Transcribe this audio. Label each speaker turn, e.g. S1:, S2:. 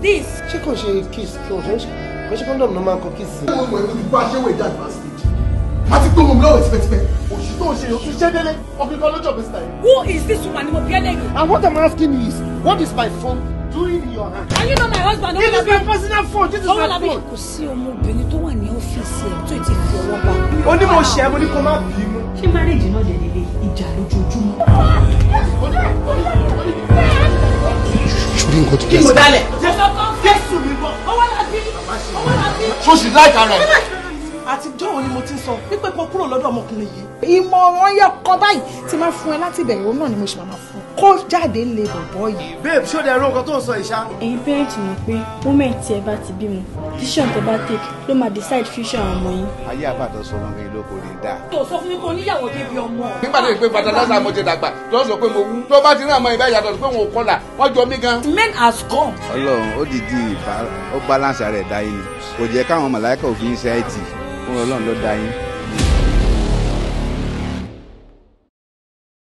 S1: this? ṣé kò she kiss kò ṣe kò she condom ló máa ń kọ kiss. ó mọ ẹni bá ṣé wẹ̀ jáde last stage àti pé òun lọ́wọ́ tipẹ́tipẹ́ òṣì tó ń she òṣì ṣé délé ọkùnrin kan lójó mr yìí. who is this woman ni mo bí and what i'm asking is what is my phone doing in your hand.
S2: are you not my husband. this is my personal phone this is my phone.
S3: kò sí ọmọbìnrin tó wà ní ọ́fíìsì ẹ̀ tó ti fi ọwọ́ bá. ó ní mo ṣe é mo ní
S2: kó má bínú. ṣé marriage náà dẹ̀ lélẹ̀ ìjà
S1: lójoojúmọ́. bí nǹkan ti jẹ́ sí. kí mo dálẹ̀. jẹ́sọ́ kan fẹ́ sùn mí bọ̀ ọwọ́ làbí ọwọ́ làbí. sọ́sì láìka rẹ̀
S4: àtijọ́ òun ni mo ti sọ pípẹ́ kan kúrò lọ́dọ̀ ọmọkùnrin yìí. ìmọ̀ràn yẹ kọ báyìí
S5: tí máa fún ẹ láti bẹ̀rẹ̀ òun náà ni mo ṣe máa fún un kó jáde lè bọ̀bọ̀ yìí. babe ṣó de ẹrú nǹkan tó ń sọ ìṣá. ẹ̀yin parent mọ̀ pé women tí ẹ bá ti bímọ decision tẹ bá take ló máa decide
S6: future ọmọ yín. ayé àbàdàn sọ ọmọ mi ló ní dáa.
S7: tó sọ fún mi kó níyàwó débi ọmọ. nígbà
S6: tó yẹ pé fatalasa mo ti dàgbà tó sọ pé mo wú tó bá ti rí àmọ́ ìbá yàtọ̀ pé
S8: wọn
S7: ò fúnra ọlọ́run ló dá yín.